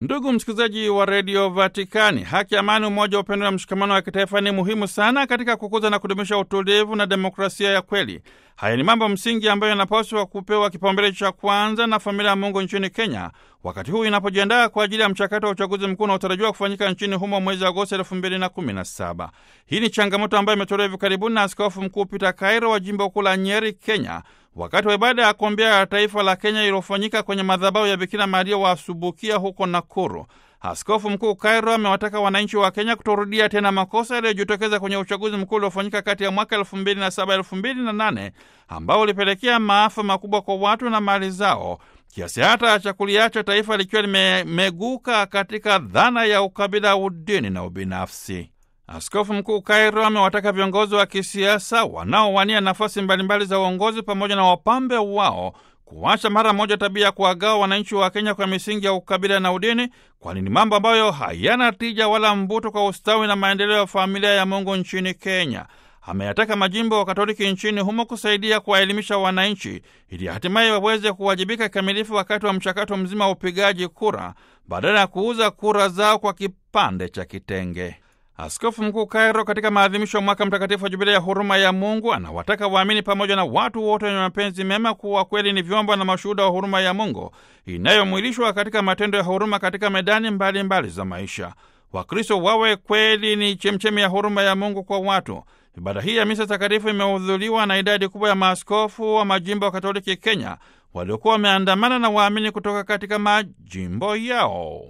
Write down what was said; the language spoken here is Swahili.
Ndugu msikilizaji wa redio Vatikani, haki, amani, umoja, upendo na mshikamano wa kitaifa ni muhimu sana katika kukuza na kudumisha utulivu na demokrasia ya kweli. Haya ni mambo msingi ambayo yanapaswa kupewa kipaumbele cha kwanza na familia ya Mungu nchini Kenya, wakati huu inapojiandaa kwa ajili ya mchakato wa uchaguzi mkuu unaotarajiwa kufanyika nchini humo mwezi Agosti elfu mbili na kumi na saba. Hii ni changamoto ambayo imetolewa hivi karibuni na askofu mkuu Peter Kairo wa jimbo kuu la Nyeri, Kenya, Wakati wa ibada ya kuombea taifa la Kenya iliyofanyika kwenye madhabahu ya Bikira Maria Subukia huko Nakuru, askofu mkuu Kairo amewataka wananchi wa Kenya kutorudia tena makosa yaliyojitokeza kwenye uchaguzi mkuu uliofanyika kati ya mwaka 2007 2008, ambao ulipelekea maafa makubwa kwa watu na mali zao kiasi hata cha kuliacha taifa likiwa limemeguka katika dhana ya ukabila, udini na ubinafsi. Askofu Mkuu Kairo amewataka viongozi wa kisiasa wanaowania nafasi mbalimbali za uongozi pamoja na wapambe wao kuacha mara moja tabia ya kuwagawa wananchi wa Kenya kwa misingi ya ukabila na udini, kwani ni mambo ambayo hayana tija wala mvuto kwa ustawi na maendeleo ya familia ya Mungu nchini Kenya. Ameyataka majimbo wa Katoliki nchini humo kusaidia kuwaelimisha wananchi ili hatimaye waweze kuwajibika kikamilifu wakati wa mchakato mzima wa upigaji kura badala ya kuuza kura zao kwa kipande cha kitenge. Askofu Mkuu Kairo, katika maadhimisho ya mwaka mtakatifu wa Jubilei ya huruma ya Mungu, anawataka waamini pamoja na watu wote wenye mapenzi mema kuwa kweli ni vyombo na mashuhuda wa huruma ya Mungu inayomwilishwa katika matendo ya huruma katika medani mbalimbali mbali za maisha. Wakristo wawe kweli ni chemchemi ya huruma ya Mungu kwa watu. Ibada hii ya misa takatifu imehudhuriwa na idadi kubwa ya maaskofu wa majimbo ya Katoliki Kenya waliokuwa wameandamana na waamini kutoka katika majimbo yao.